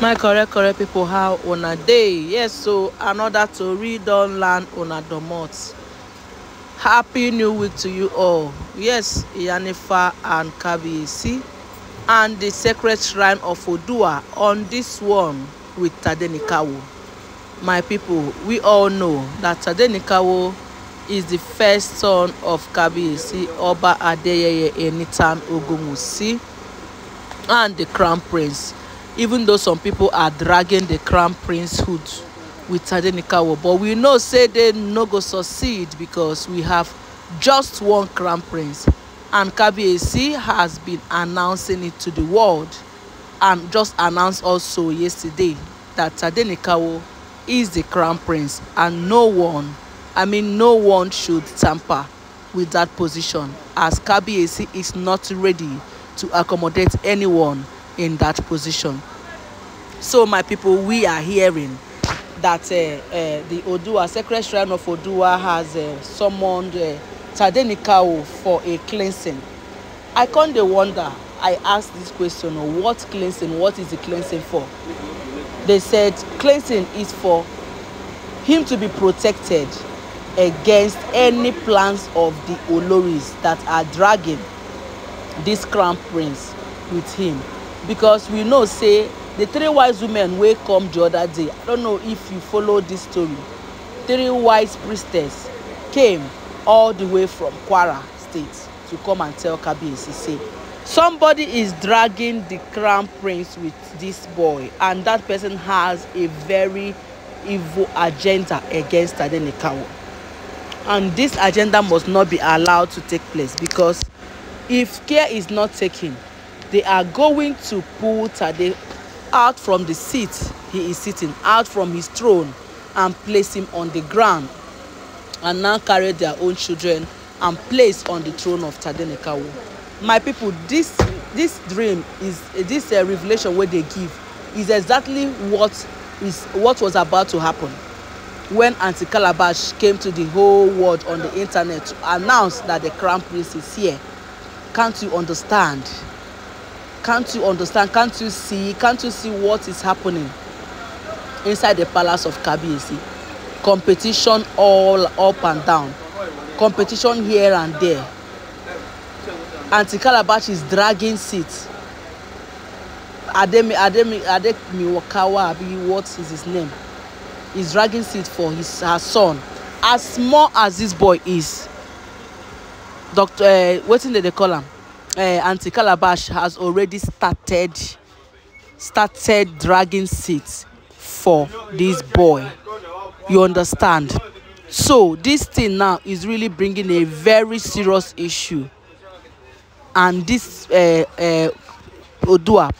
my correct correct people. how una dey yes so anoda tori don land una domot happy new week to you all yes iyanifa and kabiyesi and the sacred shrine of odua on this one with tadenikawo my people, we all know that tadenikawo is the first son of kabiyesi oba adeyeye enitan ogunwusi and the crown prince even though some people are dragging the crown princehood with Tadenikawo. But we know say they no go succeed because we have just one crown prince. And Kabiyesi has been announcing it to the world and just announced also yesterday that Tadenikawo is the crown prince and no one, I mean no one should tamper with that position as Kabiyesi is not ready to accommodate anyone in that position. So, my people, we are hearing that uh, uh, the Odua, Sacred Shrine of Odua, has uh, summoned uh, Tadenikao for a cleansing. I can't wonder, I asked this question, oh, what cleansing, what is the cleansing for? They said cleansing is for him to be protected against any plans of the Oloris that are dragging this crown prince with him because we know say the three wise women wey come the other day i don't know if you follow this story three wise priestess came all the way from kwara state to come and tell kabiyesi say somebody is dragging the crown prince with this boy and that person has a very evil agenda against adenikawo and this agenda must not be allowed to take place because if care is not taken they are going to pull Tade out from the seat he is sitting, out from his throne, and place him on the ground, and now carry their own children and place on the throne of Tadenekawo. My people, this this dream is this uh, revelation wey they give is exactly what is what was about to happen when aunty calabash came to the whole world on the internet to announce that the crown prince is here can't you understand Can't you understand? Can't you see? Can't you see what is happening inside the palace of Kabiyesi? Competition all up and down. Competition here and there. Aunty Calabash is dragging seats. Ademi Ademi Ademi Wakawa Abi what is his name? He's dragging seat for his her son. As small as this boy is, Doctor, uh, wetin dey dey call am? uh, eh, Auntie Calabash has already started started dragging seats for this boy. You understand? So this thing now is really bringing a very serious issue. And this uh, uh, Odua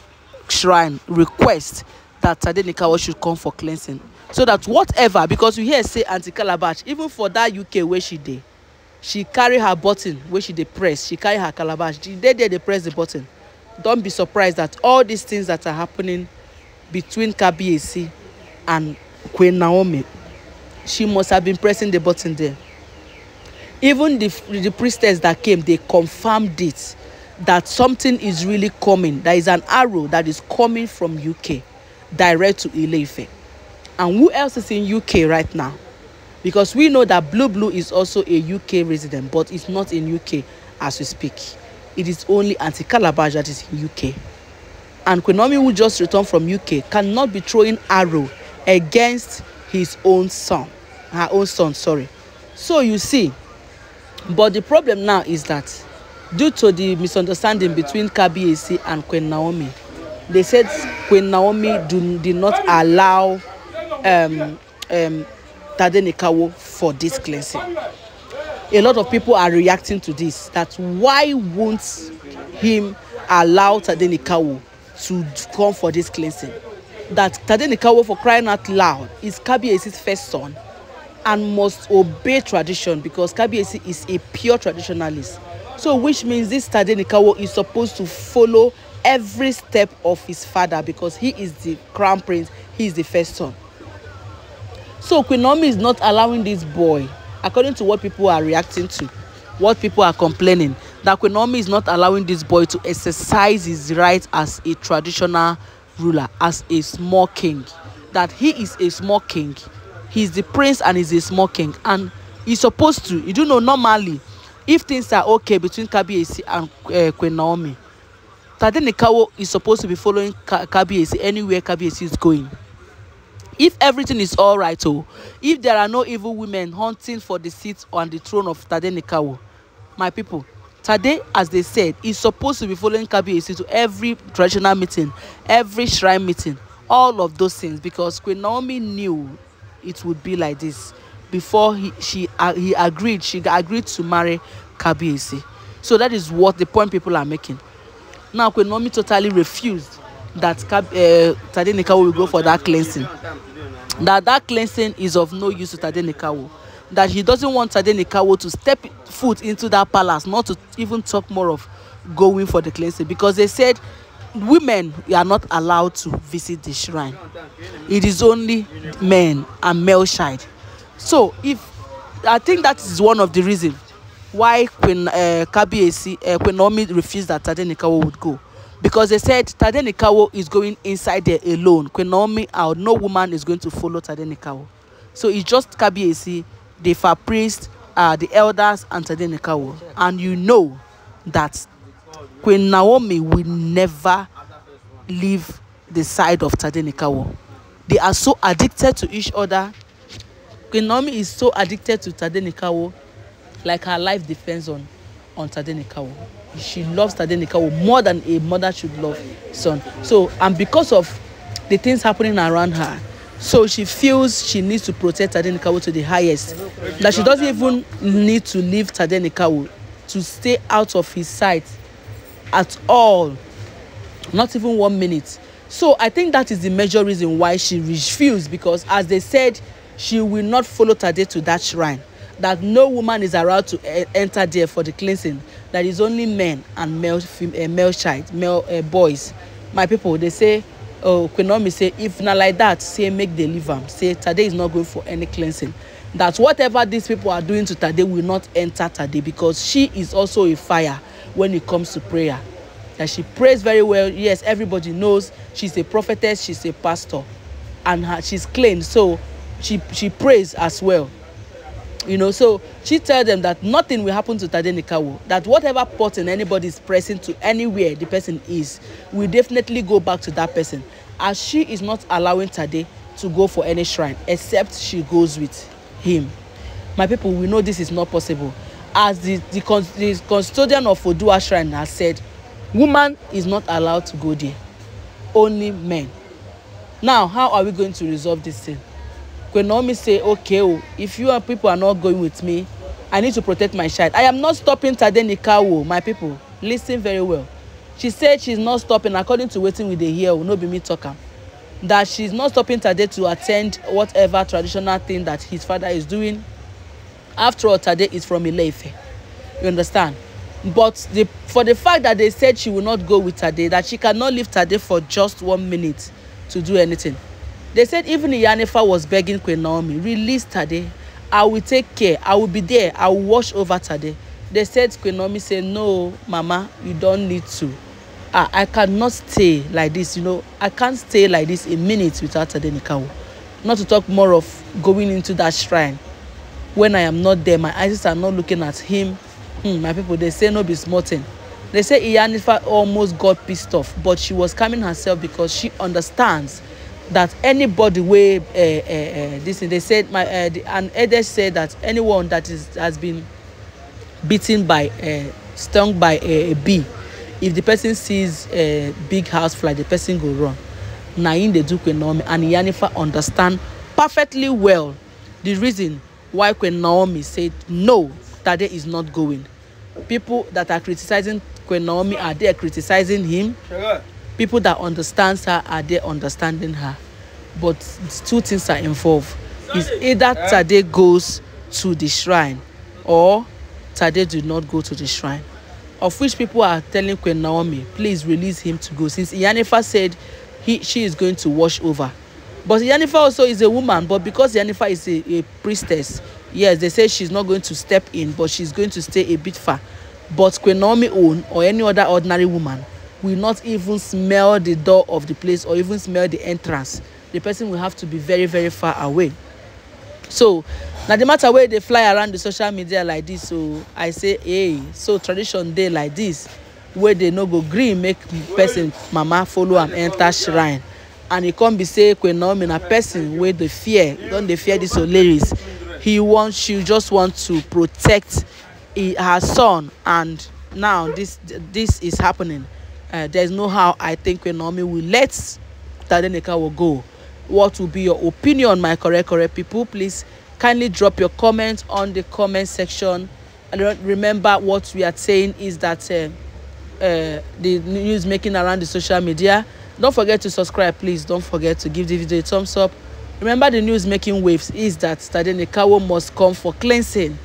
shrine request that Tadenikawa should come for cleansing. So that whatever, because we hear say Auntie Calabash, even for that UK where she did she carry her button wey she dey press she carry her calabash she dey there dey press the button don be surprised that all these things that are happening between kabiyesi and queen naomi she must have been pressing the button there even the the priestess that came they confirmed it that something is really coming there is an arrow that is coming from uk direct to ile and who else is in uk right now because we know that Blue Blue is also a UK resident, but it's not in UK as we speak. It is only Auntie Calabash that is in UK. And Kwenomi, who just returned from UK, cannot be throwing arrow against his own son, her own son, sorry. So you see, but the problem now is that due to the misunderstanding between Kabiesi and Queen Naomi, they said Queen Naomi do, did not allow um, um, Tade for this cleansing. A lot of people are reacting to this that why won't him allow Tade to come for this cleansing? That Tade for crying out loud, is Kabiesi's first son and must obey tradition because Kabiesi is a pure traditionalist. So, which means this Tade is supposed to follow every step of his father because he is the crown prince, he is the first son. So Queen Naomi is not allowing this boy, according to what people are reacting to, what people are complaining, that Queen Naomi is not allowing this boy to exercise his rights as a traditional ruler, as a small king. That he is a small king. He's the prince and he's a small king. And he's supposed to, you do know, normally, if things are okay between Kabiesi and uh, eh, Queen Naomi, Tadenikawo is supposed to be following Ka Kabiesi anywhere Kabiesi is going if everything is all right oh, if there are no evil women hunting for the seat on the throne of tadenikawo my people Tade, as they said, is supposed to be following Kabiyesi to every traditional meeting, every shrine meeting, all of those things, because Queen Naomi knew it would be like this before he she uh, he agreed she agreed to marry Kabiyesi. So that is what the point people are making. Now Queen Naomi totally refused that uh, Tadenikawo will go for that cleansing. That that cleansing is of no use to Tadenikawo. That he doesn't want Tadenikawo to step foot into that palace, not to even talk more of going for the cleansing because they said women are not allowed to visit the shrine. It is only men and male child. So if I think that is one of the reasons why Queen uh, Kabiesi, uh, Queen Naomi refused that Tadenikawo would go because they said Tadenikawo is going inside there alone. Queen Naomi out, no woman is going to follow Tadenikawo. So it's just Kabiesi, the far priest, uh, the elders, and Tadenikawo. And you know that Queen Naomi will never leave the side of Tadenikawo. They are so addicted to each other. Queen Naomi is so addicted to Tadenikawo, like her life depends on, on Tadenikawo she loves Tadenikawo more than a mother should love son. So, and because of the things happening around her, so she feels she needs to protect Tadenikawo to the highest. That she doesn't even need to leave Tadenikawo to stay out of his sight at all. Not even one minute. So I think that is the major reason why she refused because as they said, she will not follow Tade to that shrine that no woman is allowed to e, enter there for the cleansing that is only men and male uh, male child male uh, boys my people they say oh queen say if na like that say make they leave am say tade is not going for any cleansing that whatever these people are doing to tade will not enter tade because she is also a fire when it comes to prayer that she prays very well yes everybody knows she's a prophetess she's a pastor and her, she's clean so she she prays as well you know so she tell them that nothing will happen to tade nikawo that whatever button anybody is pressing to anywhere the person is will definitely go back to that person as she is not allowing tade to go for any shrine except she goes with him my people we know this is not possible as the the, the custodian of odua shrine has said woman is not allowed to go there only men now how are we going to resolve this thing Queen Naomi say, okay, oh, if you and people are not going with me, I need to protect my child. I am not stopping Tade Nikawo, oh, my people. Listen very well. She said is not stopping according to wetin we dey hear, oh, no be me talk am. That is not stopping Tade to attend whatever traditional thing that his father is doing. After all, Tade is from ile You understand? But the, for the fact that they said she will not go with Tade, that she cannot leave Tade for just one minute to do anything. They said even Iyanefa was begging Queen Naomi, release Tade. I will take care. I will be there. I will watch over Tade. They said Queen Naomi said, no, Mama, you don't need to. Ah, I cannot stay like this, you know. I can't stay like this a minute without Tade Nikawo. Not to talk more of going into that shrine. When I am not there, my eyes are not looking at him. Hmm, my people, they say no be small thing. They say Iyanifa almost got pissed off, but she was calming herself because she understands that anybody wey uh, uh, uh, this thing they said my uh, the, an eldest said that anyone that is has been beaten by uh, stung by a, a bee if the person sees a big house fly the person go run na him dey do queen naomi and yanifa understand perfectly well the reason why queen naomi said no tade is not going people that are criticizing queen naomi are there criticizing him sure people that understands her are there understanding her but two things are involved is either tade goes to the shrine or tade did not go to the shrine of which people are telling queen naomi please release him to go since iyanifa said he she is going to wash over but iyanifa also is a woman but because iyanifa is a a priestess yes they say she's not going to step in but she's going to stay a bit far but queen naomi own or any other ordinary woman will not even smell the door of the place or even smell the entrance the person will have to be very very far away so na the matter where they fly around the social media like this so i say hey so tradition day like this where they no go green, make person mama follow and enter shrine and it e come be say queen naomi a person wey dey fear Don't they fear this olaris he wants, she just wants to protect he, her son and now this this is happening uh, there's no how I think Kwenomi will let Tadeneka will go. What will be your opinion, my correct, correct people? Please kindly drop your comments on the comment section. And remember, what we are saying is that uh, uh, the news making around the social media. Don't forget to subscribe, please. Don't forget to give the video a thumbs up. Remember, the news making waves is that Tadenekawo must come for cleansing.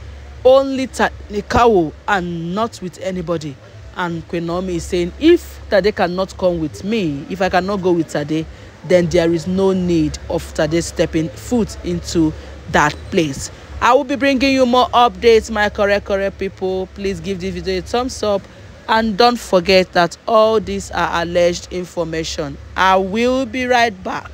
Only Tadenekawo and not with anybody and Queen is saying, if Tade cannot come with me, if I cannot go with Tade, then there is no need of Tade stepping foot into that place. I will be bringing you more updates, my correct, correct people. Please give this video a thumbs up and don't forget that all these are alleged information. I will be right back.